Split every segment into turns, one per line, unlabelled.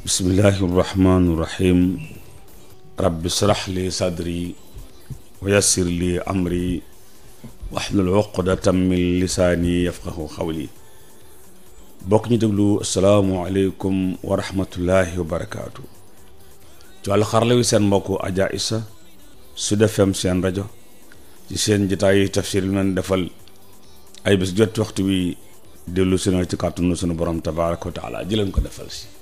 bismillahi irrahmani irrahim rabbi shrah li sadri wa yassir li amri wahlul uqdatan min lisaani yafqahu qawli bokk ñu déglu asalaamualeykum wa rahmatullahi wa barakaatu ci wàllu wi seen mbokk Adja su Sud FM seen rajo ci seen jotaayu tafsir yi leen defal ay bés jot waxtu wi dellu si na ci kàttanu sunu borom tabaaraka wa taala ko defal si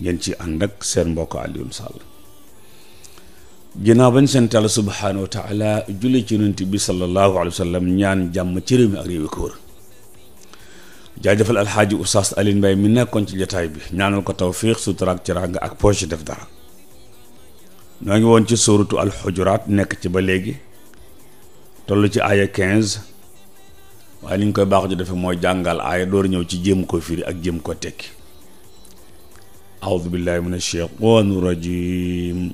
ngeen ci ànd ak seen mbokk Alioune Sall ginnaaw bañ seen tàll subhaanahu wa taala julli ci yonent bi sallallahu alayhi wa ñaan jàmm ci réew mi ak réew yi ko wër alxaaji oustaz Alioune Mbaye mi nekkoon ci jataay bi ñaanal ko tawfiix suturaak teraanga ak poche def dara ñoo ngi woon ci suuratu alxujuraat nekk ci ba léegi toll ci aaya 15 waaye li ñu koy baax ju defe mooy jàngal aaya door ñëw ci jéem ko firi ak jéem ko tekki أعوذ بالله من الشيطان الرجيم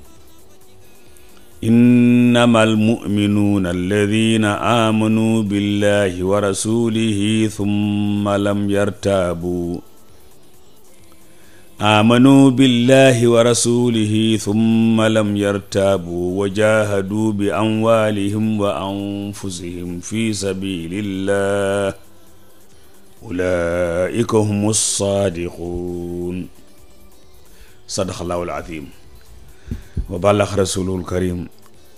إنما المؤمنون الذين آمنوا بالله ورسوله ثم لم يرتابوا آمنوا بالله ورسوله ثم لم يرتابوا وجاهدوا بأموالهم وأنفسهم في سبيل الله أولئك هم الصادقون sadaqallaahu al-aziim wa ballax rasuulul karim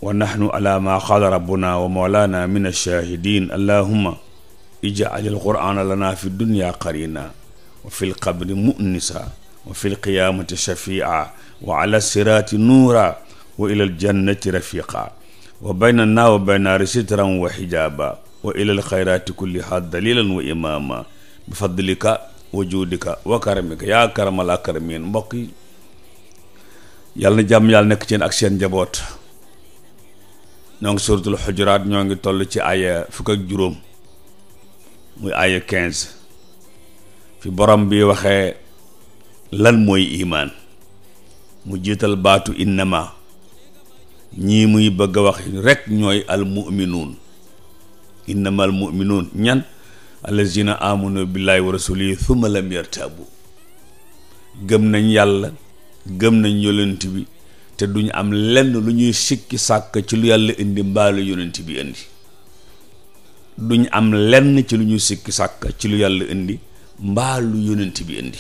wa naxnu ala ma qaala rabbuna wa mawlaana min ash-shaahidiin allahumma ij'al al-qur'aana lana fi dunya qarina wa fi l-qabri mu'nisa wa fi l-qiyaamati shafi'a wa ala siraati nuura wa ila al-jannati rafiqa wa baynana wa bayna sitran wa hijaaba wa ila al-khayraati kullihaa daliilan wa imaama bi fadlika wa juudika wa karamika yaa karamal akramiin mbokk yàlla na jàmm yàlla nekk ci ak seen njaboot donc ngi xujuraat ñoo ngi toll ci aaya fukk ak juróom muy aaya quinze fi borom bi waxee lan mooy imaan mu jiital baatu innama ñii muy bëgg a wax rek ñooy al muminuun innama al muminuun ñan allazina amanu billahi wa rasulihi thumma lam yartabu gëm nañ yàlla gëm nañ yonent bi te duñ am lenn lu ñuy sikki sàkk ci lu yàlla indi mbaalu bi indi duñ am lenn ci lu ñuy sikki sàkk ci lu yàlla indi mbaalu bi indi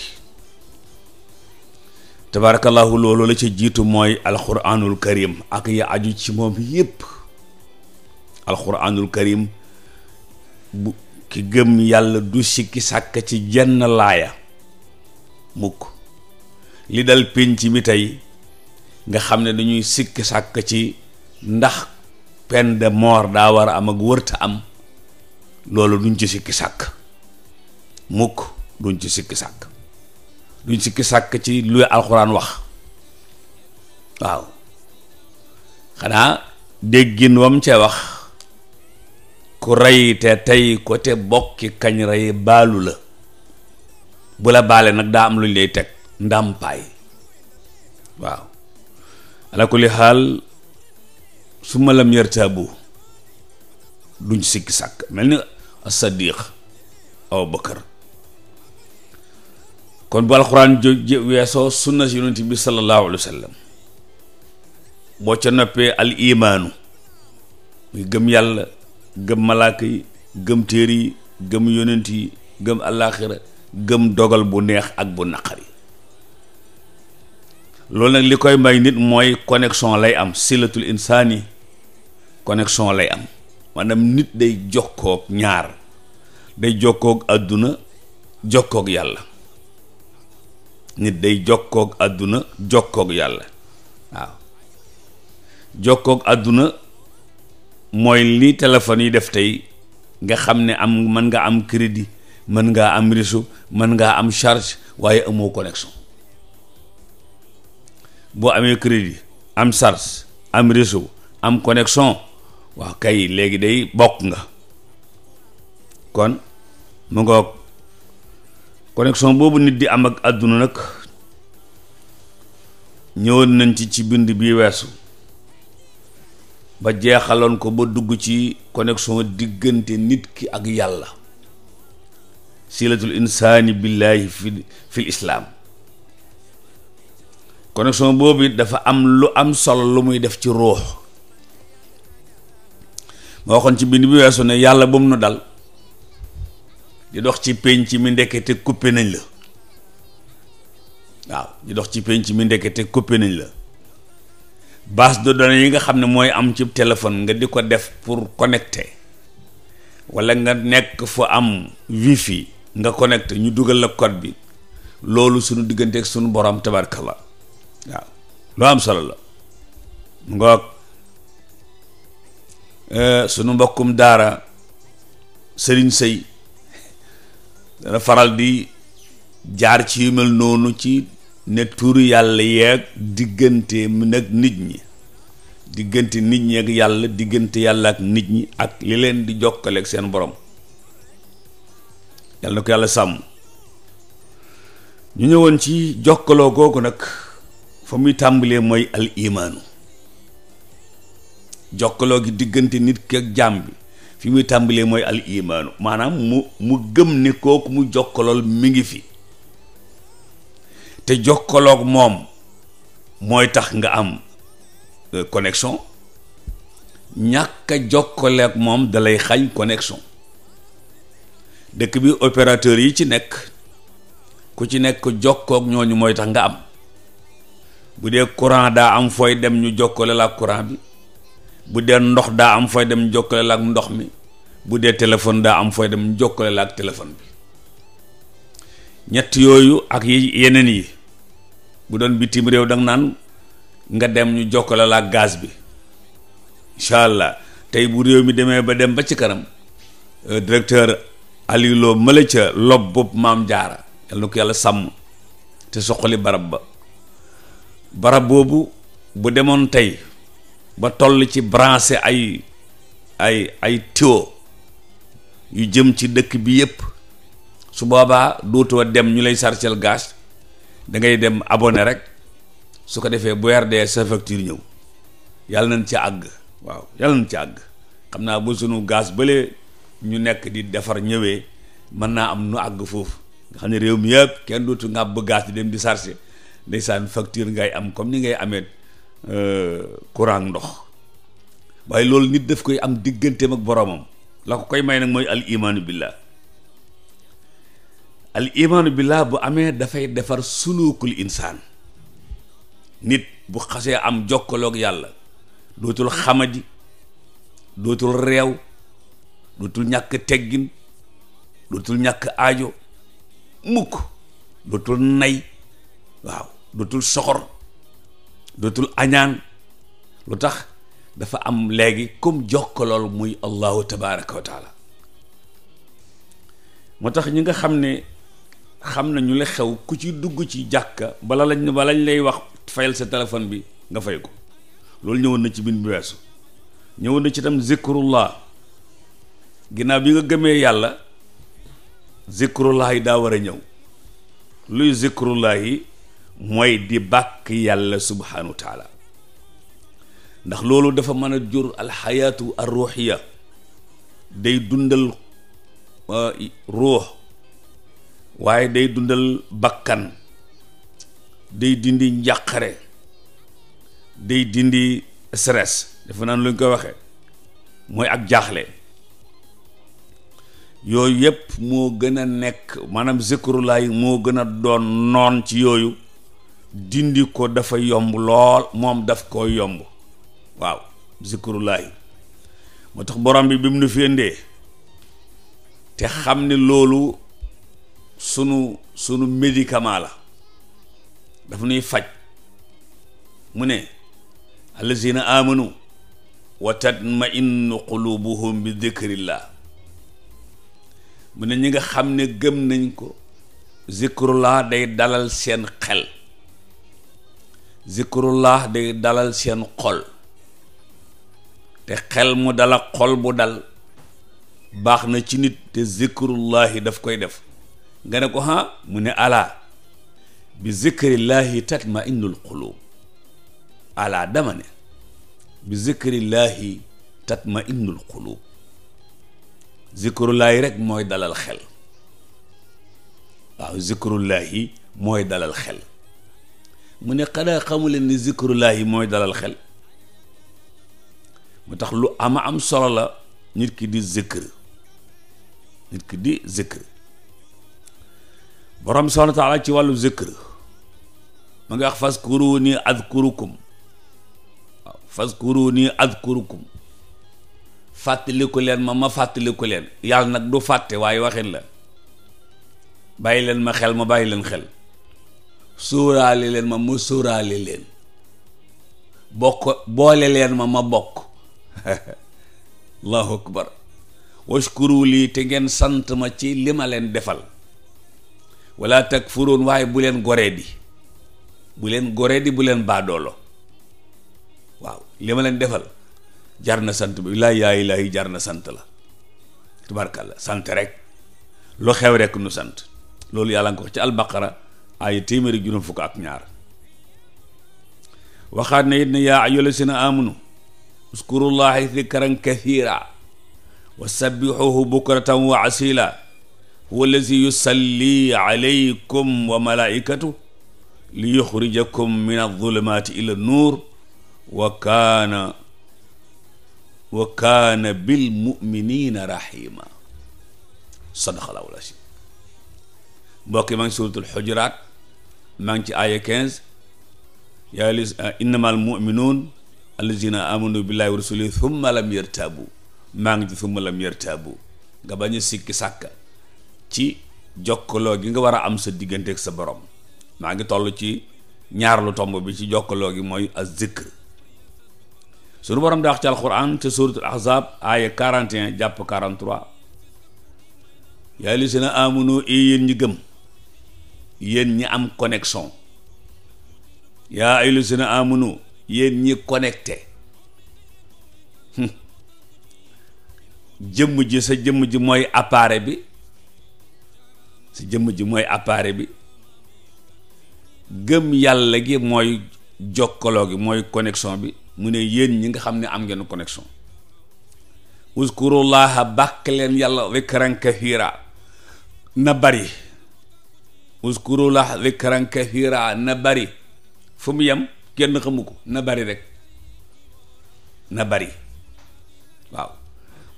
tabarakallahu loolu la ci jiitu mooy alquranul karim ak ya aju ci moom yépp alquranul karim bu ki gëm yàlla du sikki sàkk ci jenn laaya mukk li dal pénc mi tey nga xam ne dañuy sikk sàkk ci ndax peine de mort daa war a am ak wërta am loolu duñ ci sikki sàkk mukk duñ ci sikki sàkk duñ sikki sàkk ci lu alxuraan wax waaw xanaa déggin wom cee wax ku rey te tey ko te bokki kañ rey baalu la bu la baale nag daa am luñ lay teg ndàmpaay waaw ala kulli xaal su ma lam yartaabu duñ sikki sàkk mel ni as-sadiq aw bakar kon bu alxuraan jo weesoo sunna si bi sallallahu alayhi wa boo ca noppee al imaanu muy gëm yàlla gëm malaaka yi gëm téere yi gëm yonent yi gëm alaaxira gëm dogal bu neex ak bu naqari loolu nag li koy may nit mooy connexion lay am silatul insaani connexion lay am maanaam nit day jokkook ñaar day jokkook àdduna jokkook yàlla nit day jokkoog àdduna jokkoog yàlla waaw jokkook àdduna mooy li téléphone yi def tey nga xam ne am mën nga am crédit mën nga am réseau mën ngaa am charge waaye amoo connexion boo amee crédit am charge am réseau am connexion waaw kay léegi day bokk nga kon mu ngoog connexion boobu nit di am ak àdduna nag ñëwoon nañ ci ci bind bi weesu ba jeexaloon ko ba dugg ci connexion diggante nit ki ak yàlla silatul insaani billaahi fi fil islaam connexion boobu it dafa am lu am solo lu muy def ci ruux ma waxoon ci bind bi weesu ne yàlla bu mu nu dal di dox ci penc mi ndekete coupé nañ la waaw di dox ci penc mi ndekete coupé nañ la baas de données yi nga xam ne mooy am ci téléphone nga di ko def pour connecter wala nga nekk fu am wifi nga connecté ñu dugal la code bi loolu suñu diggante ak suñu borom la waaw loo am solo la mu ngoog eh, sunu mbokkum daara sëriñ sëy dana faral di jaar ci yu mel noonu ci ne tuuru yàlla yeeg diggante mu nag nit ñi diggante nit ñi ak yàlla diggante yàlla ak nit ñi ak li leen di jokkale ak seen borom yàlla na ko yàlla sàmm ñu ñëwoon ci jokkaloo googu nag fa muy tàmbalee mooy al imaanu jokkaloo gi diggante nit ki ak jaam bi fi muy tàmbalee mooy al imaanu maanaam mu mu gëm ne kooku mu jokkalool mi ngi fi te jokkaloog moom mooy tax nga am euh, connexion ñàkk a moom dalay xañ connexion dëkk bi opérateur yi ci nekk ku ci nekk jokkoog ñooñu mooy tax nga am bu dee courant daa am fooy dem ñu jokkale la courant bi bu dee ndox daa am fooy dem jokkale la ak ndox mi bu dee téléphone daa am fooy dem jokkale la ak téléphone bi ñett yooyu ak yeneen yi bu doon bitim réew danga naan nga dem ñu jokkale la ak gaz bi incha allah tey bu réew mi demee ba dem ba ci kanam euh, directeur Aliou Lo mële ca lob bopp maam jaara yal na ko yàlla sàmm te soqali barab ba barab boobu bu demoon tey ba toll ci branché ay ay ay tuyau yu jëm ci dëkk bi yépp su boobaa dootoo dem ñu lay sarcel gaz da ngay dem abone rek su ko defee bu weer dee sa facture ñëw yàlla nañ ci àgg waaw yàlla nañ ci àgg xam naa bu sunu gaz bële ñu nekk di defar ñëwee mën naa am nu àgg foofu nga xam ne réew mi yëpp kenn dootu ngàbb gaz di dem di chargé ndeysaan facture ngay am comme ni ngay amee euh, courant ndox waaye loolu nit daf koy am digganteem ak boroomam la ko koy may nag mooy al imaanu billah al imaanu billah bu amee dafay defar sulukul insaan nit bu xasee am jokkalook yàlla dootul xamadi dootul réew dootul ñàkk teggin dootul ñàkk aajo mukk dootul nay waaw dootul soxor dootul añaan lu tax dafa am léegi comme jokkalool muy allahu tabaraka wa moo tax ñi nga xam ne xam nañu la xew ku ci dugg ci jàkka bala lañ bala lay wax fayal sa téléphone bi nga fay ko loolu ñëwoon na ci bin bi weesu ñëwoon na ci tam zikrullah ginnaaw bi nga gëmee yàlla zikrullah yi daa war a ñëw luy zikrullah yi mooy di bàkk yàlla subhanahu wa ndax loolu dafa mën a jur alxayaatu arruxiya day dundal uh, ruux waaye day dundal bakkan day dindi njàqare day dindi stress dafa naan lu ñu koy waxee mooy ak jaaxle yooyu yëpp moo gën a nekk maanaam zikrulaay moo gën a doon noon ci yooyu dindi ko dafa yomb lool moom daf koo yomb waaw zikrullahi moo tax borom bi bi mu nu fi indee te xam ne loolu sunu sunu médicament la dafa nuy faj mu ne allazina amanu wa tatmainnu qulubuhum bi dikrillah mu ne ñi nga xam ne gëm nañ ko zikrullah day dalal seen xel zikrullah day dalal seen xol te xel mu dala xol bu dal baax na ci nit te zikrullahi daf koy def nga ne ko ha mu ne alaa bi zikrillahi tatma innul qulub alaa dama ne bi zikrillahi tatma innul qulub zikrullahi rek mooy dalal xel waaw zikrullahi mooy dalal xel mu ne xanaa xamuleen ni zikrullahi mooy dalal xel mu tax lu ama am solo la nit ki di zikr nit ki di zikr borom subhaanahu wa taala ci wàllu zikr ma nga wax fazkuruni azkurukum waaw fazkuruni azkurukum fàttaliku leen ma ma fàttaliku leen yàlla nag du fàtte waaye waxin la bàyyi leen ma xel ma bàyyi leen xel suuraale leen ma ma suuraale leen bokk boole leen ma ma bokk allahu akbar washkuru lii te ngeen sant ma ci li ma leen defal wala takfuroon waaye bu leen goree di bu leen goree di bu leen baadoolo waaw li ma leen defal jar na sant bi laa yaa ilaahi jar na sant la tubaarkàlla sant rek lu xew rek nu sant loolu yàlla nga ko ci albaqara ay téeméeri juróom fukk ak ñaar waxaat na it ne yaa ayyuhal lazina amanu uskurullaha zikran kathira wa sabbixuhu bukratan wa asila huwa allazi yusalli alaykum wa malaikatu li yuxrijakum min adulumati ila nuur wa kaana wa kaana bil muminina rahima sadaqallahu l-aziim mbokk yi maa ngi suuratul xujuraat maa ngi ci aaya 15 yaa li innamal mu'minuun allazina amanu billahi wa rasuli thumma lam yartabu maa ngi ci thumma lam yartabu nga bañ a sikki sàkka ci jokkaloo gi nga war a am sa diggante ak sa borom maa ngi toll ci ñaarlu tomb bi ci jokkaloo gi mooy az-zikr sunu borom daa wax ci alquran te suratul ahzab aaya 41 jàpp 43 yaa li sina amanu i yéen ñi gëm yéen ñi am connexion yaa ay lusina amunu yéen ñi connecté jëmm ji sa jëmm ji mooy appareil bi jëmm ji mooy appareil bi gëm yàlla gi mooy jokkaloo gi mooy connexion bi mu ne yéen ñi nga xam ne am ngeen connexion uskurullaha bàkk leen yàlla wikran kathira na bari uskuru la zikran kathira na bari fu mu yem kenn xamu ko na bari rek na bari waaw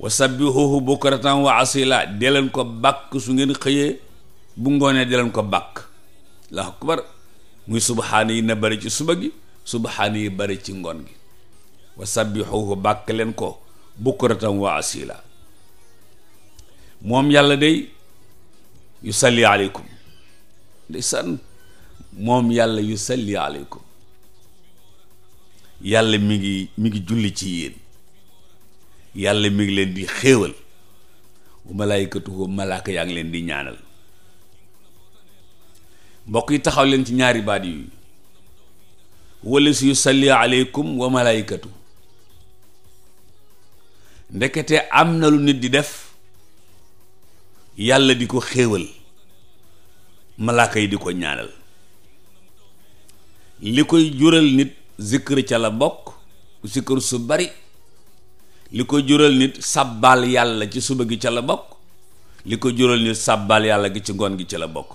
wa sabbihuhu bukratan wa asila de leen ko bàkk su ngeen xëyee bu ngoonee de leen ko bàkk allahu akbar muy subhaana yi na bari ci suba gi subhaana yi bari ci ngoon gi wa sabbihuhu bàkk leen ko bukratan wa asila moom yàlla day yusalli aleykum san moom yàlla yu salli aleykum yàlla mi ngi mi ngi julli ci yéen yàlla mi ngi leen di xéewal bu malaykatuhu yaa ngi leen di ñaanal mbokk yi taxaw leen ci ñaari baat yi wala si yu salli aleykum wa ndekete am na lu nit di def yàlla di ko xéewal malaaka yi di ko ñaanal li koy jural nit zikkër ca la bokk zikkër su bari li ko jural nit sàbbaal yàlla ci suba gi ca la bokk li ko jural nit sàbbaal yàlla gi ci ngoon gi ca la bokk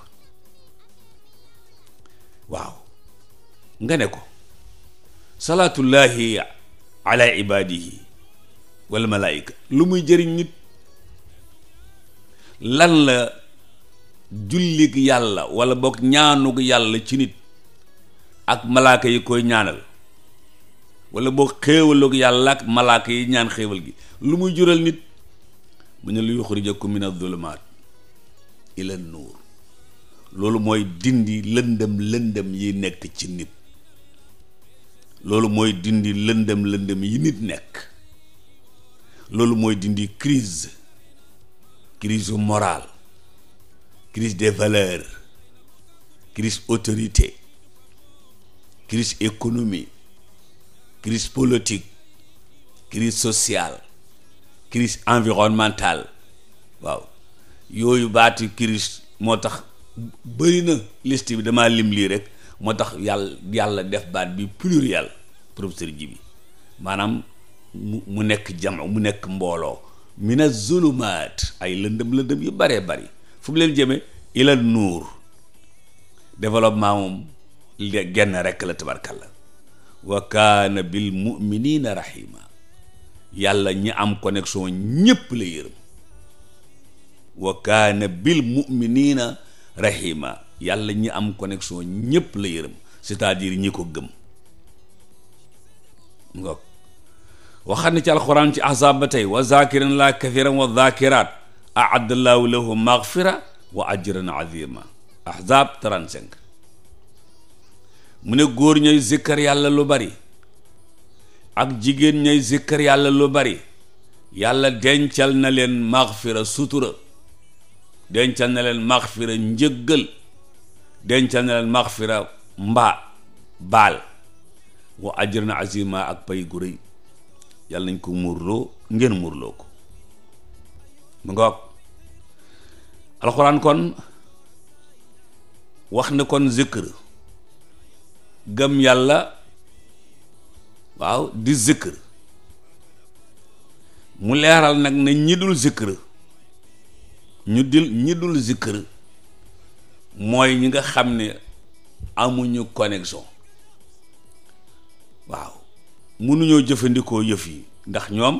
waaw nga ne ko salaatullahi ala ibaadihi wal malaayika lu muy jëriñ nit lan la jullig yàlla wala boog ñaanug yàlla ci nit ak malaaka yi koy ñaanal wala boog xéewalug yàlla ak malaaka yi ñaan xéewal gi lu mu jural nit mu ne lu yuxrijakum min adulumaat ila nuur loolu mooy dindi lëndëm lëndëm yi nekk ci nit loolu mooy dindi lëndëm lëndëm yi nit nekk loolu mooy dindi crise crise morale crise des valeurs crise autorité crise économie crise politique crise sociale crise environnementale waaw yooyu baati crise moo tax bëri na liste bi damaa lim lii rek moo tax yàlla yàlla def baat bi pluriel professeur ji bi maanaam mu mu nekk jamo mu nekk mbooloo mina zulumaat ay lëndëm lëndëm yu baree bari fu mu leen jëme ila nuur développement moom genn rekk la tabarkalla wa kaana bil muminina rahima yàlla ñi am connexion ñépp la yërëm wa kaana bil muminina rahima yàlla ñi am connexion ñépp la yërëm cest à ñi ko gëm nga waxam ne ci alxuraan ci ahzaab ba tey wa zakirin la kathiran wa zakirat ahaddallahu lahu maghfira wa ajran azima ahzab mu ne góor ñooy zikkar yàlla lu bari ak jigéen ñooy zikkar yàlla lu bari yàlla dencal na leen maghfira sutura dencal na leen maghfira njëggal dencal na leen maghfira mbaa baal wa ajran azima ak pay gu yàlla nañ ko muurloo ngeen murloo ko mu ngoog alxuraan kon wax na kon zikr gëm yàlla waaw di zikr mu leeral nag ne ñi dul zikr ñu dil ñi dul zikr mooy ñi nga xam ne amuñu connexion waaw mënuñoo jëfandikoo yëf yi ndax ñoom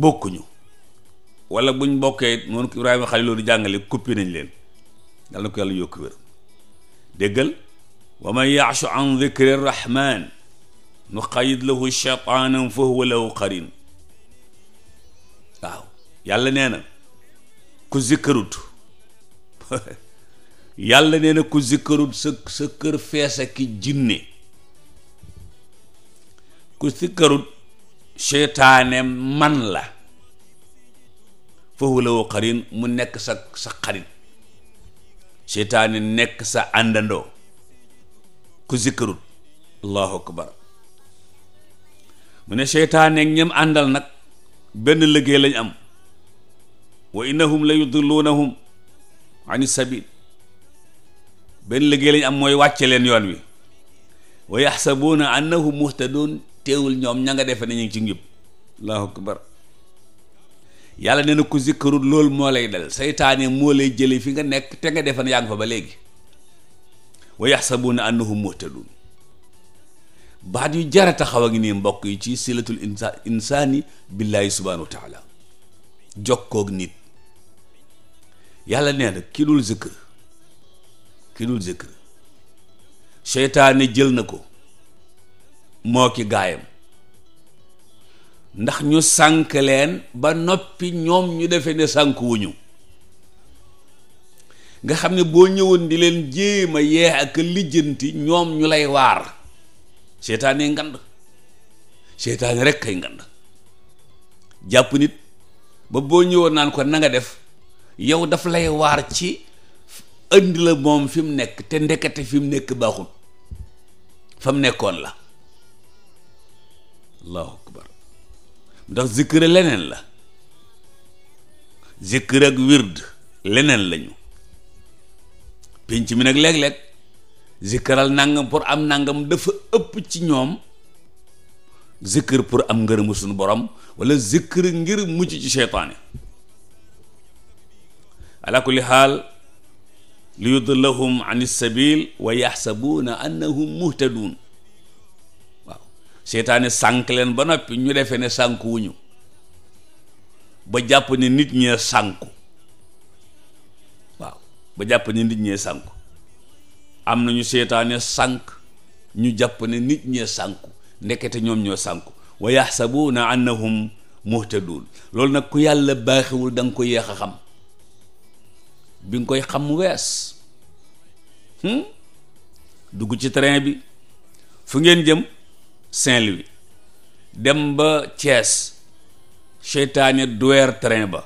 bokkuñu wala buñ bokkee noonu ko Ibrahima Xaliiloo di jàngale coupé nañ leen yàlla na ko yàlla yokk wér déggal wa man ya'shu an dikri rahman nuqayyid lahu shaytaanan fa huwa lahu qarin yàlla nee ku zikkarut sa kër fees ki jinne ku zikkarut seytaane man la fa huwa lahu qarin mu nekk sa sa xarit nekk sa àndandoo ku zikkarut allahu akbar mu ne seytaane ñam àndal nag benn liggéey lañ am wa innahum la yudilluunahum ani sabil benn liggéey lañ am mooy wàcce leen yoon wi wa yaxsabuuna annahum muhtadun teewul ñoom ña nga defe ne ñu ci njub allahu akbar yàlla nee na ku zikkarul loolu moo lay dal seytaane moo lay jële fi nga nekk te nga defan yaa ngi fa ba léegi wa yaxsabuuna annahum muhtadun baat yu jara taxaw a ngi nii mbokk yi ci silatul insa insaani billaahi subhanahu wa taala nit yàlla nee na ki dul zikkër ki dul zikkër seytaane jël na ko moo ki gaayam ndax ñu sànk leen ba noppi ñoom ñu defe ne sànk wuñu nga xam ne boo ñëwoon di leen jéem a yeex ak lijjanti ñoom ñu lay waar seetaane ngand seetaane rekk kay ngand jàpp nit ba boo ñëwoon naan ko nanga def yow daf lay waar ci indi la moom fi nekk te ndekete fi mu nekk baaxul fa nekkoon la ndax zikkër leneen la zikkër ak wird leneen lañu pénc mi nag léeg-léeg zikkaral nangam pour am nangam dafa ëpp ci ñoom zikkër pour am ngërëmu suñu borom walla zikkër ngir mucc ci seytaane ala kulli xaal li yudillahum an issabil wa yaxsabuuna annahum muhtadun seetaane sànk leen ba noppi ñu defee ne sànk wuñu ba jàpp ne nit ñee sànku waaw ba jàpp ne nit ñee sànku am na ñu seetaane sànk ñu jàpp ne nit ñee sànku ndekete ñoom ñoo sànku wa yaxsabuuna annahum muhtadun loolu nag ku yàlla baaxiwul danga ko yeex a xam bi nga koy xam wees hmm? dugg ci train bi fu ngeen jëm Saint-Louis dem ba Thiès seytaane duweer train ba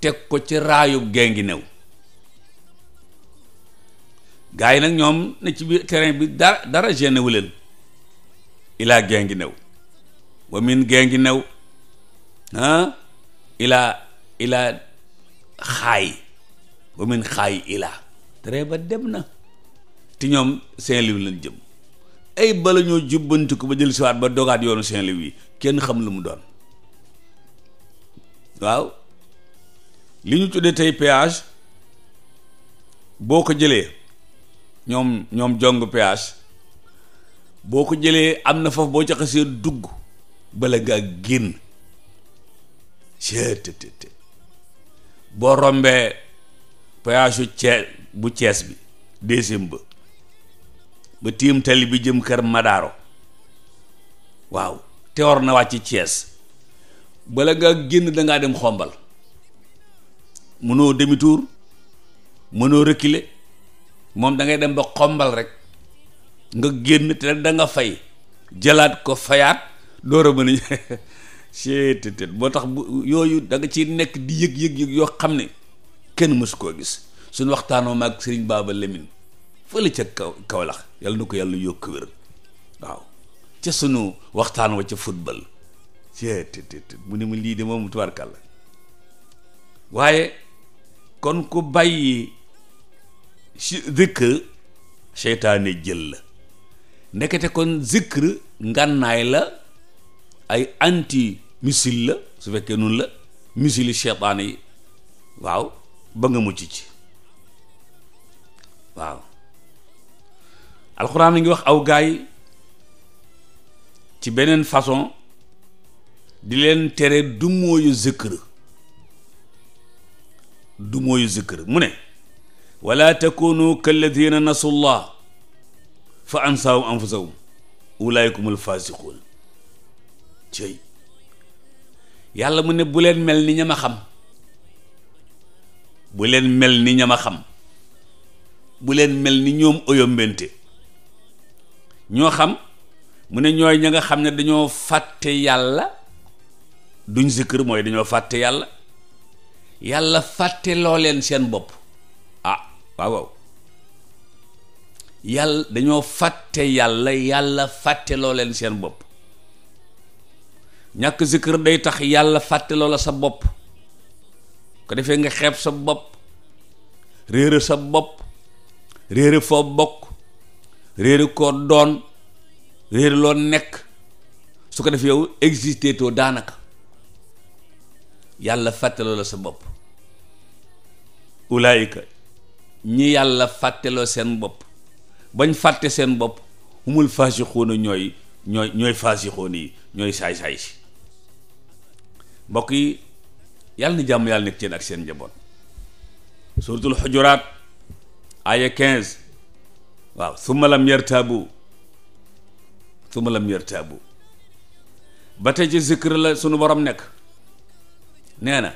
teg ko ci raayub gengi new gaa yi nag ñoom ne ci biir train bi dara dara génnewu leen ilaa ngi new wa min ngi new ah ilaa ilaa xaay wa min xaay ilaa train ba dem na te ñoom Saint-Louis lañ jëm ay bala ñoo jubbanti ba jël siwaat ba dogaat yoonu Saint-Louis kenn xam lu mu doon waaw li ñu tuddee tey péage boo ko jëlee ñoom ñoom jong péage boo ko jëlee am na foofu boo ca xasee dugg bala ngaa génn cettt boo rombee péage bu Thiès bu Thiès bi deuxième ba ba tiim tali bi jëm kër Madaaro waaw te war na wàcc Thiès bala nga génn dangaa dem xombal mënoo demi mënoo reculer moom dangay dem ba xombal rek nga génn te da nga fay jëlaat ko fayaat door a mën a seetetet moo tax yooyu danga ci nekk di yëg-yëg-yëg yoo xam ne kenn mësu koo gis suñ waxtaanoo maag Sëriñ Baaba Lemin fële ca kaw Kaolack yàlla na ko yàlla yokk wér waaw ca sunu waxtaan wa ca football cee te te mu ne ma lii de moom tubaarkàlla waaye kon ku bàyyi si zikr seytaane jël la ndekete kon zikr ngànnaay la ay anti missile la su fekkee noonu la missile seytaane yi waaw ba nga mucc ci waaw alxuraan mi ngi wax aw gaay ci beneen façon di leen tere du mooyu zikr du mooyu zikr mu ne wala takunu kalladina nasu llah fa ansaahum anfusahum ulaykum alfasiquun cëy yàlla mu ne bu leen mel ni ñama xam bu leen mel ni ñama xam bu leen mel ni ñoom oyombente ñoo xam mu ne ñooy ña nga xam ne dañoo fàtte yàlla duñ zikr mooy dañoo fàtte yàlla yàlla fàtte loo leen seen bopp ah waaw waaw dañoo fàtte yàlla yàlla fàtte loo seen bopp ñàkk zikr day tax yàlla fàtte loo la sa bopp ko defee nga xeeb sa bopp réere sa bopp réere foo bokk réere koo doon réere nekk su ko defee yow existé too daanaka yàlla fàttaloo la sa bopp ulaayika ñi yàlla fàttaloo seen bopp bañ fàtte seen bopp humul faasixuuna ñooy ñooy ñooy faasixuuna yi ñooy saay-saay si mbokk yi yàlla na jàmm yàlla nekk seen ak seen njaboot suratul xujuraat aya 15 waaw summa lam yartaabu summa lam yartaabu ba tey ci zikr la sunu borom nekk nee na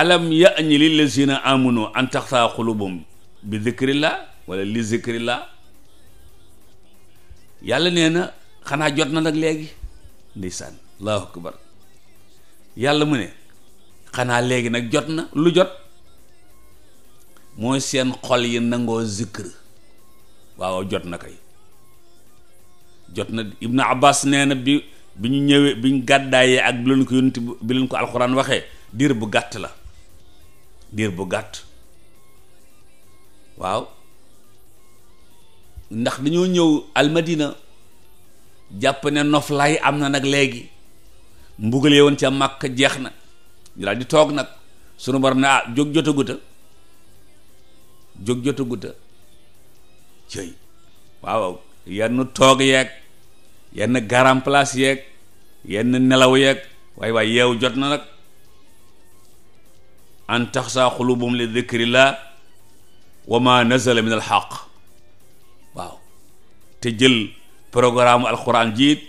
alam yaani lillazina amanu an taxtaa xulubum bi zikrillah wala li zikrillah yàlla nee na xanaa jot na nag léegi ndeysaan allahu akbar yàlla mu ne xanaa léegi nag jot na lu jot mooy seen xol yi nangoo zikr waaw jot na kay jot na ibnu abbas nee na bi bi ñu ñëwee bi ñu gàddaayee ak bi leen ko yonent bi leen ko alxuraan waxee diir bu gàtt la diir bu gàtt waaw ndax dañoo ñëw almadina jàpp ne noflaay am na nag léegi mbugal woon ca màkk jeex na ñu daal di toog nag sunu borom ne ah jóg jotaguta jóg jotaguta cëy waaw yenn toog yeek yenn garam place yeeg yenn nelaw yeek waaye waaye yeew jot na nag an taxsa xulubum li dikrillah wa ma nazala min al waaw te jël programme alxuraan jiit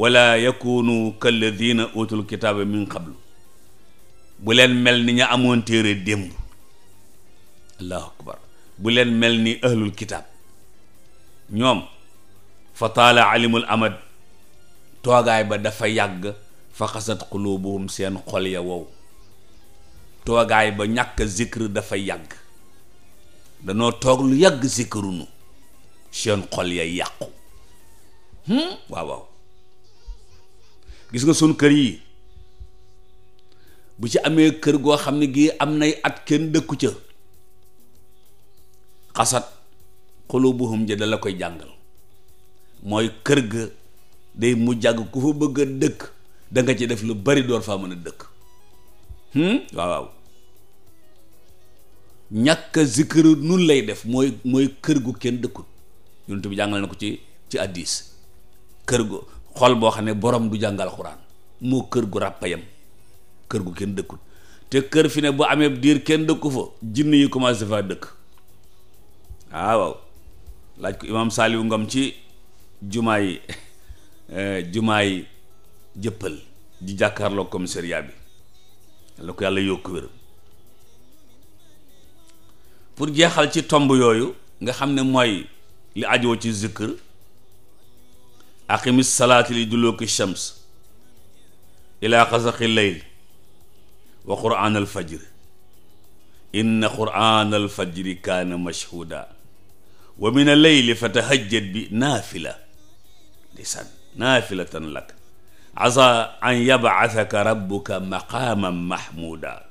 wala yakunu kalladina utul kitaaba min qablu bu leen mel ni ña amoon téere démb allahu akbar bu leen mel ni ahlul kitaab ñoom fa taala alimul amad toogaay ba dafa yàgg fa xasat xuluubuhum seen xol ya wow toogaay ba ñàkk a zikr dafa yàgg danoo toog lu yàgg zikrunu seen xol ya yàqu hmm? waaw waaw gis nga sun kër yi bu ci amee kër goo xam ne gii am nay at kenn dëkku ca xasat xulubuhum ja da la koy jàngal mooy kër ga day mu jàgg ku fa bëgg dëkk da ci def lu bari door faa mën a dëkk hmm? waaw waaw ñàkk a nun lay def mooy mooy kër gu kenn dëkkut yonent bi na ko ci ci addis kër gu xol boo xam ne borom du jàngal xuraan moo kër gu ràppayam kër gu kenn dëkkut te kër fi ne bu amee diir kenn dëkku fa jinn yi commencé faa dëkk waaw waaw laaj ko imaam Saliou Ngom ci jumaay eh, yi jëppal di jàkkaarloo commissariat bi la ko yàlla yokk wér pour jeexal ci tomb yooyu nga xam ne mooy li ajoo ci zikr aqimis salaati li duluki shams ila xasaqi leyl wa quraan al inna quraan al kaana mashhuda wa min a leyli fa tahajjat bi naafila ndeysaan naafilatan lak asa an yabaasaka rabbuka maqaaman mahmuuda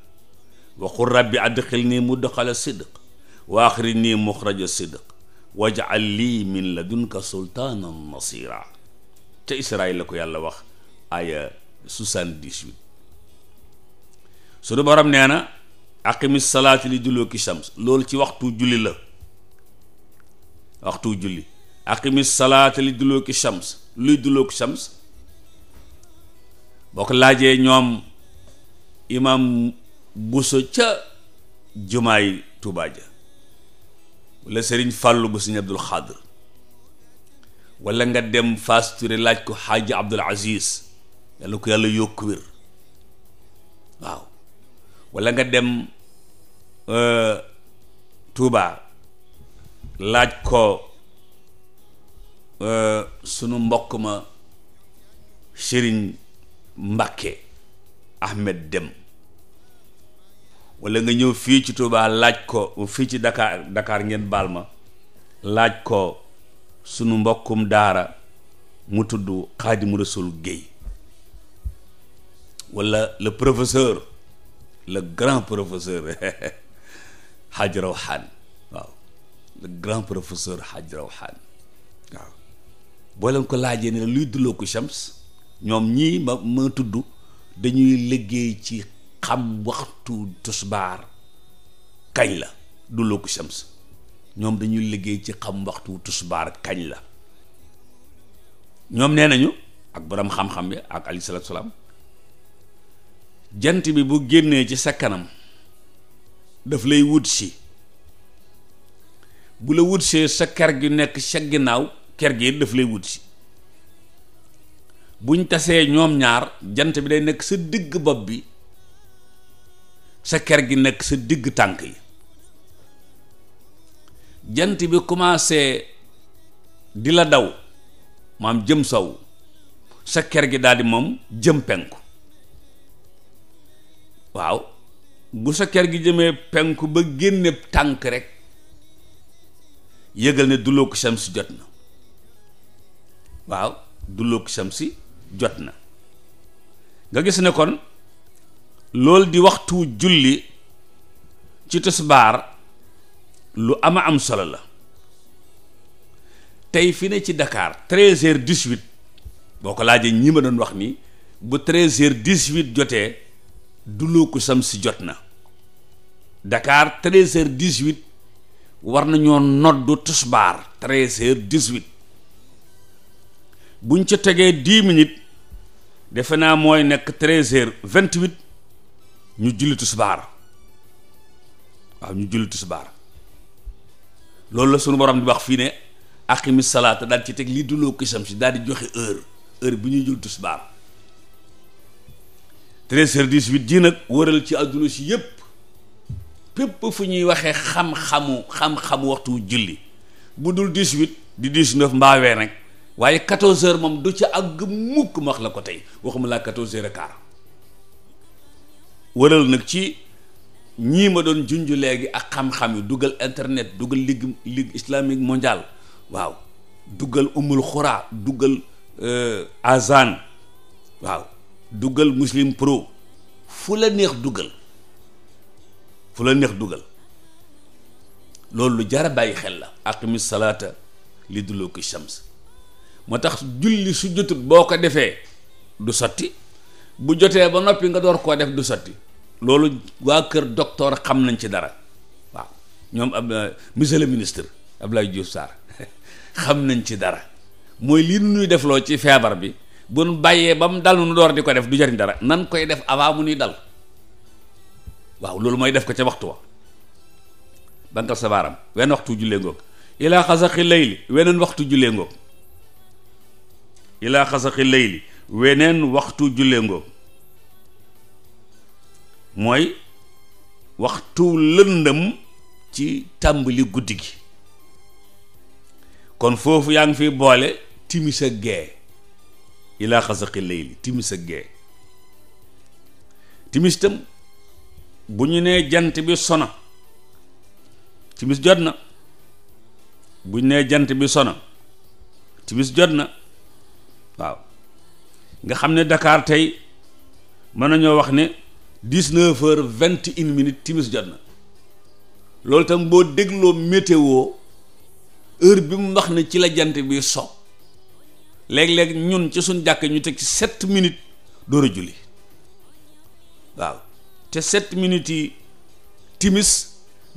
wa qul rabbi adxilni mudxala sidq wa axrijni muxraja sidq wajcal lii min ladunka sultaanan nasira ca Israël la ko yàlla wax aya 78 sunu borom nee na aqimi salaati li duluki shams loolu ci waxtu julli la waxtu julli aqimi salaata li dulooki shams luy dulooki shams boo ko laajee ñoom imam buso ca jumaay Tuubaa ja wala sëriñ fàllu bu sëriñ abdul xaadir wala nga dem fasture laaj ko xaaji abdul aziz yàlla ko yàlla yokku waaw wala nga dem euh, Tuubaa laaj ko euh, sunu mbokk ma sëriñ Mbàkke Ahmed Dem walla nga ñëw fii ci Touba laaj ko fii ci Dakar Dakar ngeen baal ma laaj ko sunu mbokkum daara mu tudd Xaadimu Rasul Guèye walla le professeur le grand professeur Hadj Rawhan le grand professeur Hadj Rawhane waaw boo ko laajee ne luy dulloo ko Shams ñoom ñii ma ma tudd dañuy liggéey ci xam waxtu tusbaar kañ la dulloo ko Shams ñoom dañuy liggéey ci xam waxtu tusbaar kañ la ñoom nee nañu ak borom xam-xam bi ak alayhi salaatu salaam jant bi bu génnee ci sa kanam daf lay wut si bu la wutsee sa ker gi nekk sa ginnaaw ker gi daf lay wutsi buñ tasee ñoom ñaar jant bi day nekk sa digg bopp bi sa ker gi nekk sa digg tànk yi jant bi commencé di la daw maam jëm saw sa ker gi daal di moom jëm penku waaw bu sa ker gi jëmee penku ba génne tànk rek yëgal ne dulóoku shamsi jot na waaw dulóoku shamsi jot na nga gis ne kon loolu di waxtu julli ci tisbaar lu ama am solo la tey fi ne ci dakaar treize heures dix-huit boo ko laajee ñi ma doon wax ni bu treize heures dix-huit jotee dulóoku shamsi jot na Dakar treize heures dix-huit war nañoo noddu tisbaar treize heures dix-huit buñ ca tegee dix minutes defe naa mooy nekk treize heures vingt-huit ñu julli tisbaar waaw ñu julli tisbaar loolu la sunu borom di wax fii ne aqimi salaata daal ci teg lii du loo kisam si daal di joxe heure heure bi ñuy julli tisbaar treize heures dix-huit ji nag wëral ci àdduna si yépp pépp fu ñuy waxee xam-xamu xam-xamu waxtu julli bu dul dix-huit di dix-neuf mbaawee nag waaye quatorze heures moom du ci àgg mukk ma wax la ko tey waxuma laa quatorze heures et quart wëral nag ci ñii ma doon junj léegi ak xam-xam yi dugal internet dugal ligue ligue islamique mondiale waaw dugal umul xuraa dugal euh, azan waaw dugal muslim pro fu la neex dugal fu la neex dugal loolu lu jar bàyyi xel la aqimi salaata li duluki shams moo tax julli su jotut boo ko defee du sotti bu jotee ba noppi nga door koo def du sotti loolu waa kër docteur xam nañ ci dara waaw ñoom ab euh, monsieur le ministre Abdoulaye Diouf Sarr xam nañ ci dara mooy lii nuy defloo ci feebar bi bu nu bàyyee ba mu dal nu door di ko def du jariñ dara nan koy def avant mu nuy dal waaw loolu mooy def ko ca waxtu wa bantal sa baaram wenn waxtu jullee ngoog ilaa xasaqi weneen waxtu jullee ngoog ilaa xasaxi layli weneen waxtu jullee ngoog mooy waxtu lëndëm ci tàmbali guddi gi kon foofu yaa ngi fi boole timis ak gee ilaa xasaqi layli timis gee timis bu ñu nee jant bi sona timis jot na bu ñu nee jant bi sona timis jot na waaw nga xam ne dakaar tey mën nañoo wax ne dix-neuf heures vingt et une minutes timis jot na loolu tam boo dégloo météo heure bi mu wax ne ci la jant bi so léeg-léeg ñun ci suñ jàkk ñu teg ci sept minutes door julli waaw te set minutes yi timis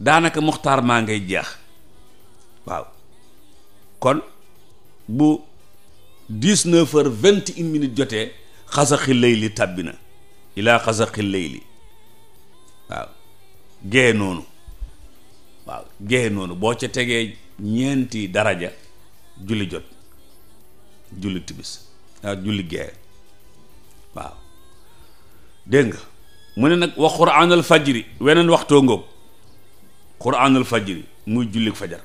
daanaka muxtaar maa ngay jeex waaw kon bu dix-neuf heures vingt et une minutes jotee xasaxi layli tàbbi na ilaa xasaxi layli waaw gee noonu waaw gee noonu boo ca tegee ñeenti daraja julli jot julli timis julli gee waaw dégg mu ne nag wa quraanal fajri weneen waxtoo ngoog quraanal fajri muy jullik fajar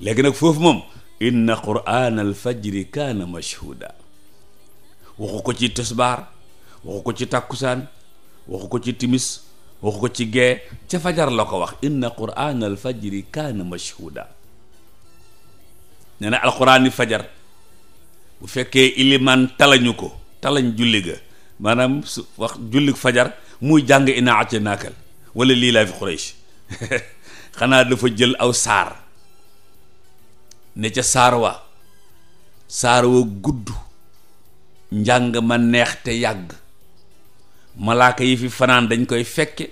léegi nag foofu moom inna quraanal fajri kaana mashhuda waxu ko ci tisbaar waxu ko ci tàkkusaan waxu ko ci timis waxu ko ci gee ca fajar la ko wax inna quraanal fajri kaana mashhuda nee na alquraani fajar bu fekkee ilimaan talañu ko talañ julli ga maanaam su wax julli fajar muy jàng inaa àcce naakal wala lii laa fi Quraysh xanaa dafa jël aw saar ne ca saar wa saar wa gudd njàng ma neex te yàgg malaaka yi fi fanaan dañ koy fekke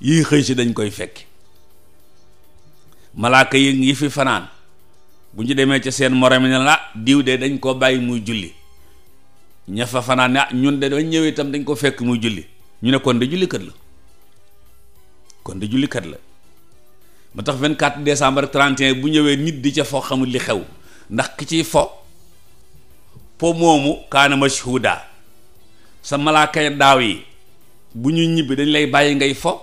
yii xëy si dañ koy fekke malaaka yi fi fanaan bu ñu demee ca seen morom ne la ah, diw de dañ koo bàyyi muy julli ña fa fanaan ne ah, ñun de dañ ñëwee itam dañ ko fekk muy julli ñu ne kon de jullikat la kon de jullikat la mu tax 24 décembre 31 bu ñëwee nit di ca fo xamul li xew ndax ki ciy fo po moomu kaana mashhuda sa malaakay daaw yi bu ñu ñibbi dañ lay bàyyi ngay fo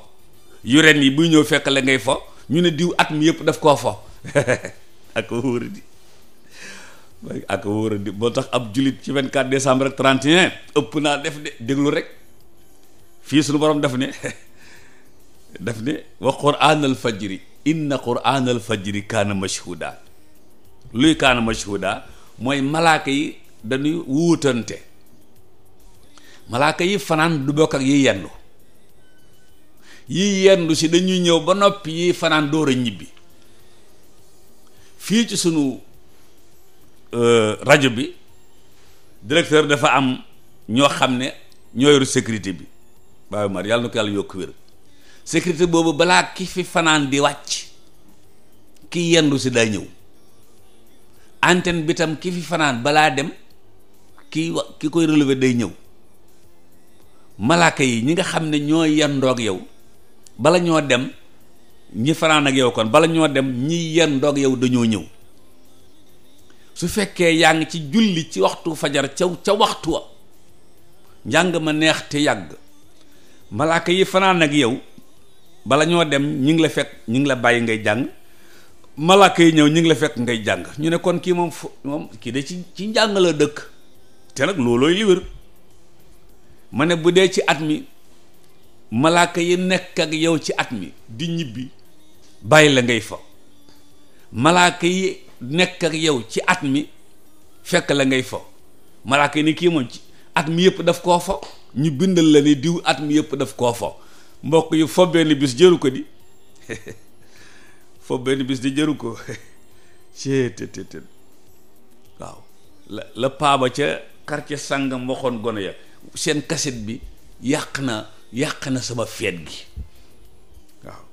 yu ren yi buy ñëw fekk la ngay fo ñu ne diw at mi yëpp def koo fo ak wóor di ak wóor a di boo tax ab jullit ci 24 décembre ak 31 ëpp naa def de déglu rek fii suñu borom daf ne daf ne wa quraan al fajri inna quraan al fajri kaana mashhuda luy kaana mashhuda mooy malaaka yi dañuy wuutante malaaka yi fanaan du bokk ak yiy yendu yi yendu si dañuy ñëw ba noppi yiy fanaan door a ñibbi fii ci sunu Euh, rajo bi directeur dafa am ñoo xam ne ñoo yoru sécurité bi Baye Omar yàlla na ko yàlla boobu balaa ki fi fanaan di wàcc ki yendu si day ñëw antenne bi tam ki fi fanaan balaa dem ki wa day ñëw malaaka yi ñi nga xam ne ñoo yendoog yow bala ñoo dem ñi fanaan ak yow kon bala ñoo dem ñi yendoog yow dañoo ñëw su fekkee yaa ngi ci julli ci waxtu fajar ca ca waxtu wa njàng ma neex te yàgg malaaka yi fanaan ak yow bala ñoo dem ñu ngi la fekk ñu ngi la bàyyi ngay jàng malaaka yi ñëw ñu ngi la fekk ngay jàng ñu ne kon kii moom moom kii de ci ci njàng la dëkk te nag loolooy li ma ne bu dee ci at mi malaaka yi nekk ak yow ci at mi di ñibbi bàyyi la ngay fa malaaka yi nekk ak yow ci at mi fekk la ngay fo malaaka ni kii moom ci at mi yëpp daf koo fo ñu bindal la ni diw at mi yëpp daf koo fo mbokk yu fo benn bis jëru ko di fo bis di jëru ko waaw la paaba ca quartier sàngam mboxoon gone ya seen kaset bi yàq na yàq na sama feet gi waaw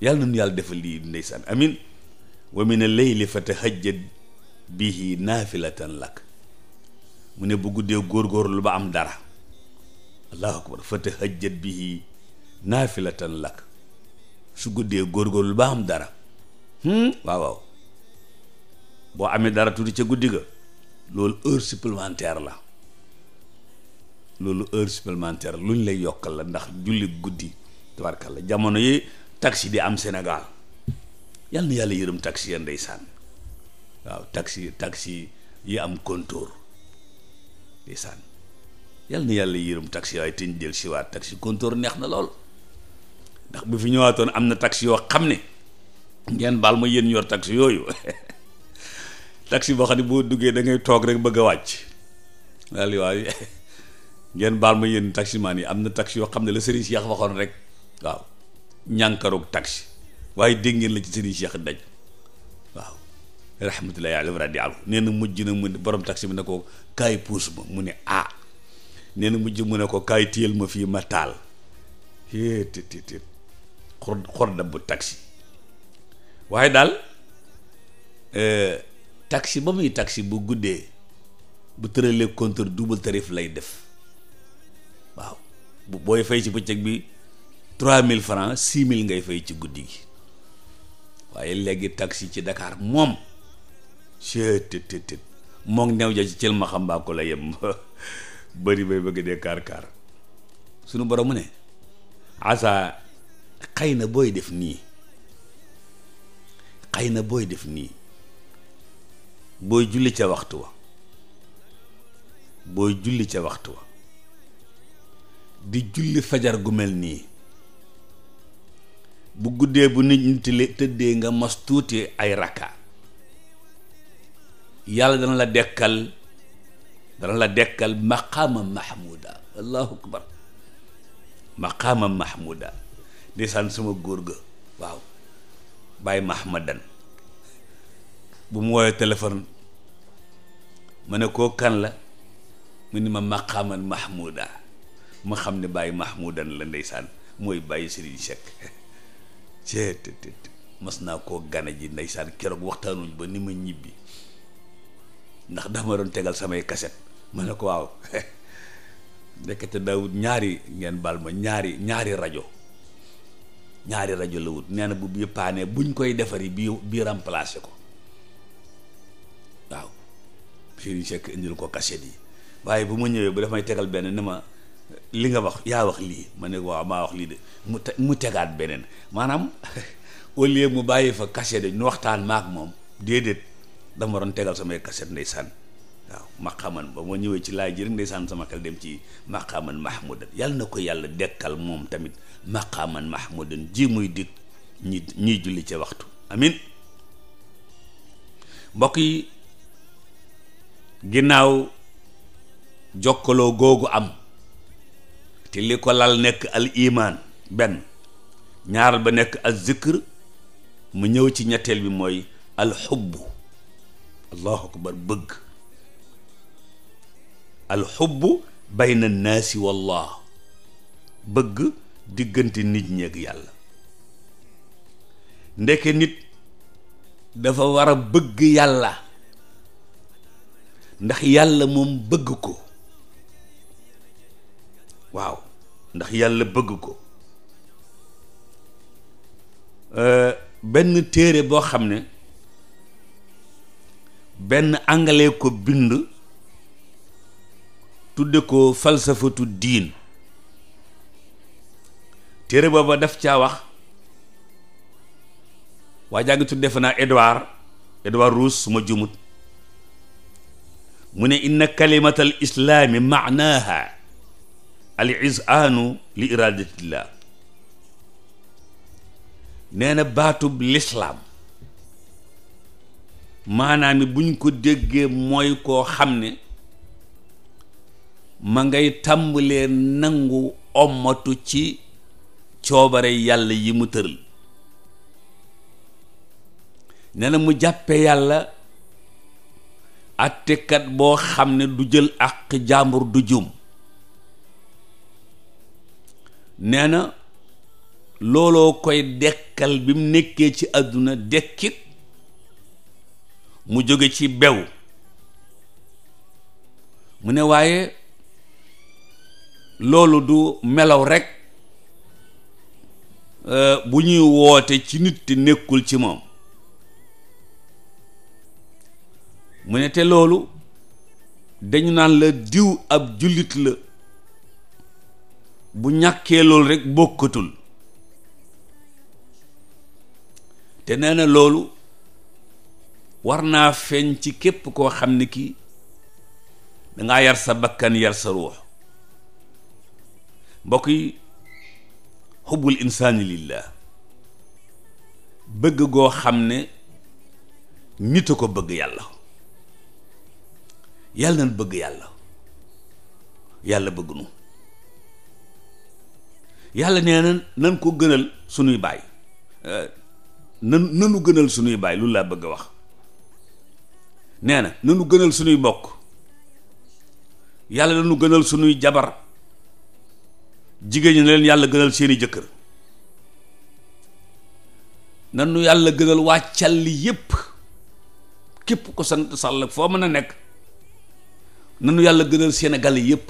yàlla nañu yàlla defal lii ndeysaan amin wa min al-layli fatahajjad bihi naafilatan lakk mu ne bu guddee góor ba am dara allahu akbar fatahajjad bihi naafilatan lak su guddee góorgóorlu ba am dara hmm? waaw waaw boo amee dara tuuti ca guddi ga loolu heure supplémentaire la loolu heure supplémentaire luñ lay yokkal la ndax julli guddi tabarkalla jamono yi taxi di am Sénégal yal na yàlla yërëm taxi ya ndeysaan waaw taxi taxi yi am kontóor ndeysaan yal na yàlla yërëm taxi waaye te ñu jël si waat neex na lool ndax bu fi ñëwaatoon am na taxi yoo xam ne ngeen baal ma yéen yor taxi yooyu boo xam ne boo duggee da ngay toog rek bëgg a wàcc daal di waaye ngeen baal ma yi am na taxi yoo xam ne la sëriñ si yax waxoon rek waaw ñànkaroog taxi waaye dégg la ci sëriñ Cheikh daj waaw rahmatullahi alayhi radi anhu nee na mujj na mu ne borom taxi mu ne ko kaay puus ma mu ne ah nee na mujj mu ne ko kaay téyel ma fii ma taal héetéetéet xor xor dab bu waaye daal euh, taxi ba muy taxi bu guddee bu tëralee compteur double tarif lay def waaw booy fay ci bëccëg bi trois mille francs six mille ngay fay ci guddi gi waaye léegi taxi ci dakaar moom chet tët tët tët new ja ci cël ma xam la yem bëri bay bëgg dee kaar kaar sunu borom mu ne asa xëy na booy def nii xëy na booy def nii booy julli ca waxtu wa booy julli ca waxtu wa di julli fajar gu mel nii bu guddee bu nit ñi tile tëddee nga mas tuuti ay rakka yàlla dana la dekkal dana la dekkal maqaama mahmuda allahu akbar maqaama mahmuda ndeysaan sama góor ga waaw bàyyi mahmadan bu mu woowee téléphone ma ne koo kan la mu ni ma maqaaman mahmuda ma xam ne bàyyi mahmudan la ndeysaan mooy bàyyi Sëriñ Sekk cee te te mas naa koo gane ji ndeysaan keroog waxtaanuñ ba ni ma ñibbi ndax dafa ma doon tegal samay kaset ma ne ko waaw ndekete daawut ñaari ngeen baal ma ñaari ñaari rajo ñaari rajo la wut nee bu bii paane buñ koy defari bii bii remplacé ko waaw Serigne Seck indil ko kaset yi waaye bu ma ñëwee bu daf may tegal benn ni ma li nga wax yaa wax lii ma ne waaw maa wax lii de mu mu tegaat beneen maanaam au lieu mu bàyyi fa cachet de ñu waxtaan maak moom déedéet dama doon tegal samay cachet ndeysaan waaw maqaman ba moo ñëwee ci laaj ji rek ndeysaan sama xel dem ci maqaman mahmudan yàlla na ko yàlla dekkal moom tamit maqaman mahmudan ji muy dig ñi ñiy julli ca waxtu amin mbokk yi ginnaaw jokkaloo googu am te li ko lal nekk al imaan benn ñaaral ba nekk al zikr mu ñëw ci ñetteel bi mooy al xubbu allahu akbar bëgg al xubbu bayna naasi wallah bëgg diggante nit ñi yàlla ndeke nit dafa war a bëgg yàlla ndax yàlla moom bëgg ko waaw ndax yàlla bëgg ko euh, benn téere boo xam ne benn anglais ko bind tudde ko falsafatu diin téere boobu daf ca wax waa jaa ngi tudd defe naa Edouard su ma jumut mu ne inna kalimatal islaami maanaaha al isaanu li iradatillah nee baatub lislaam maanaam buñ ko déggee mooy koo xam ni ma ngay tàmbalee nangu ommatu ci coobare yàlla yi mu tëral nee mu jàppe yàlla àttekat boo xam ne du jël àq jàmbur du jum nee na looloo koy dekkal bi mu nekkee ci àdduna dekkit mu jóge ci bew mu ne waaye loolu du melaw rekk euh, bu ñuy woote ci nit te nekkul ci moom mu ne te loolu dañu naan la diw ab jullit la bu ñàkkee loolu rekk bokkatul te nee na loolu war naa feeñ ci képp koo xam ne ki dangaa yar sa bakkan yar sa ruux mbokk yi xubbul insaani lillah bëgg goo xam ne nit a ko bëgg yàlla yàlla na bëgg yàlla yàlla bëgg yàlla nee na nan ko gënal suñuy baay euh, nan nanu gënal suñuy baay loolu laa bëgg a wax nee na nanu gënal suñuy mbokk yàlla nanu gënal suñuy jabar jigéen ñi na leen yàlla gënal seeni jëkkër nanu yàlla gënal wàccal li yépp képp ko sant sàll foo mën a nekk nanu yàlla gënal Sénégal yépp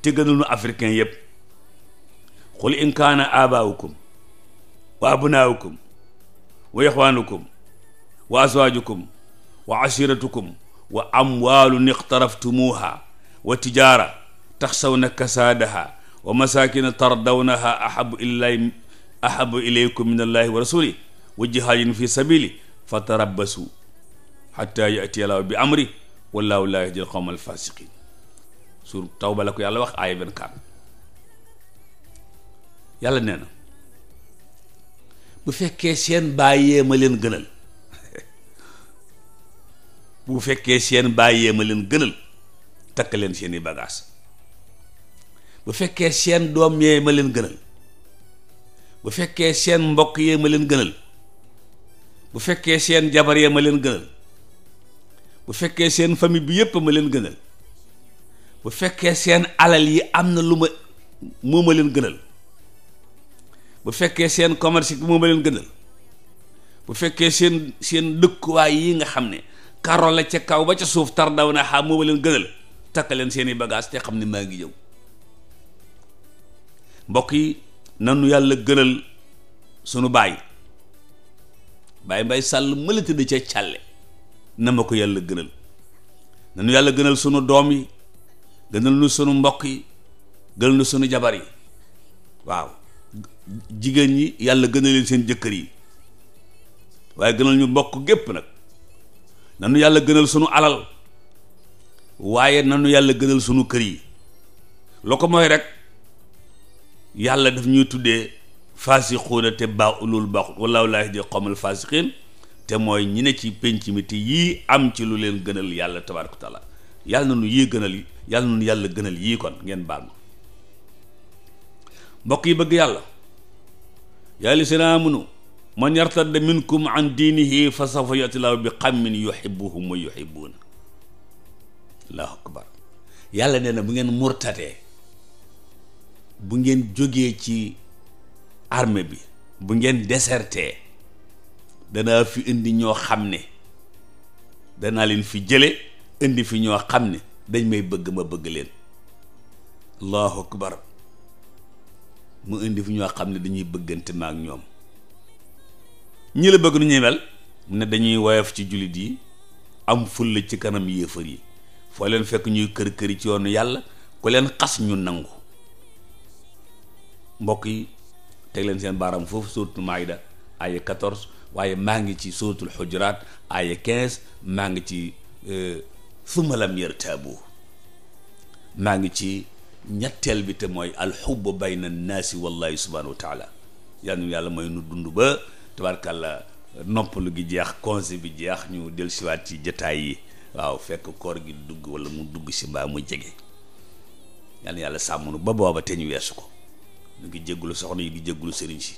te gënal nu africain yépp qul in kaana aabaa'ukum wa abnaa'ukum wa ixwaanukum wa azwaajukum wa ashiiratukum wa amwaalun iqtaraftumuuhaa wa tijaara taxsawna kasaadahaa wa masaakina tardawnahaa ahabu ilay ahabu ilaykum min allaahi wa rasuulih wa jihaadin fi sabiili fatarabbasuu hattaa ya'tiya allaahu bi amrih wallaahu laa yahdil qawma alfaasiqiin suur tawba la ko yàlla wax aaya 24 yàlla nee bu fekkee seen bàyyee ma leen gënal bu fekkee seen bàyyee ma leen gënal takk leen seeni bagage bu fekkee seen doom yee ma leen gënal bu fekkee seen mbokk yee ma leen gënal bu fekkee seen jabar yee ma leen gënal bu fekkee seen famille bi yépp ma leen gënal bu fekkee seen alal yi am na lu ma moo ma leen gënal bu fekkee seen commerce bi moo ma leen gënal bu fekkee seen seen dëkkuwaay yi nga xam ne karo la ca kaw ba ca suuf tar daw na xaam moo ma leen gënal takk leen seeni bagage te xam ne maa ngi ñëw mbokk yi nanu yàlla gënal sunu baay baay mbay sàll mëlati da ca càlle na ma ko yàlla gënal nanu yàlla gënal sunu doom yi gënal nu sunu mbokk yi gënal nu sunu jabar yi waaw jigéen ñi yàlla gënal leen seen jëkkër yi waaye gënal ñu mbokk gépp nag nanu yàlla gënal sunu alal waaye nanu yàlla gënal sunu kër yi loo ko mooy rek yàlla daf ñuy tuddee faasiquuna te baa ulul baaxut wallaahu laa yahdi qawmal faasiqiin te mooy ñi ne ci penc mi te yii am ci lu leen gënal yàlla tabaaraka wa taala yàlla na nu yii gënal yàlla na nu yàlla gënal yii kon ngeen baal ma mbokk yi bëgg yàlla yaa llazina amanu man yartadda minkum an diinihi fa sawfa yati laahu bi qawmin yuhibbuhum wa yuhibbuuna allahu akbar yàlla nee na bu ngeen murtatee bu ngeen jógee ci arme bi bu ngeen déserté danaa fi indi ñoo xam ne danaa leen fi jële indi fi ñoo xam ne dañ may bëgg ma bëgg leen allahu akbar mu indi fu ñoo xam ne dañuy bëggante ma ak ñoom ñi la bëgg nu ñuy mel ne dañuy woyof ci jullit yi am fulla ci kanam yéefar yi foo leen fekk ñuy kër këri ci yoonu yàlla ku leen xas ñu nangu mbokk yi teg leen seen baaram foofu suratul maida aya 14 waaye maa ngi ci suratul xujuraat aya quinze maa ngi ci euh, suma lam yartaabu maa ngi ci ñetteel bi te mooy alxubb bayna naasi wallahi subhanahu wa taala yal nañu yàlla mooy nu dund ba tabarkàlla noppalu gi jeex congé bi jeex ñu del siwaat ci jataay yi waaw fekk koor gi dugg wala mu dugg si mbaa mu jege yal yàlla sàmm ba booba te ñu weesu ko ñu ngi jéggulu soxna yi di jéggulu sëriñ si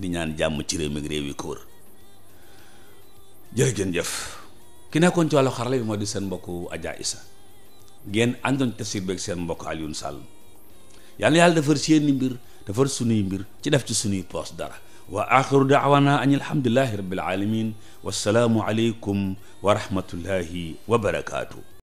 di ñaan jàmm ci réew mi réew yi ko wër jërëjëf ki nekkoon ci wàllu xarala bi moo di seen mbokk Adja ngeen àndoon tafsir beeg seen mbokk Alioune Sall yàlla yàlla defar seeni mbir defar sunuy mbir ci def ci sunuy poos dara wa axiru daawana an alhamdulillahi rabbil alamin wassalaamu aleykum wa rahmatullahi wa barakaatu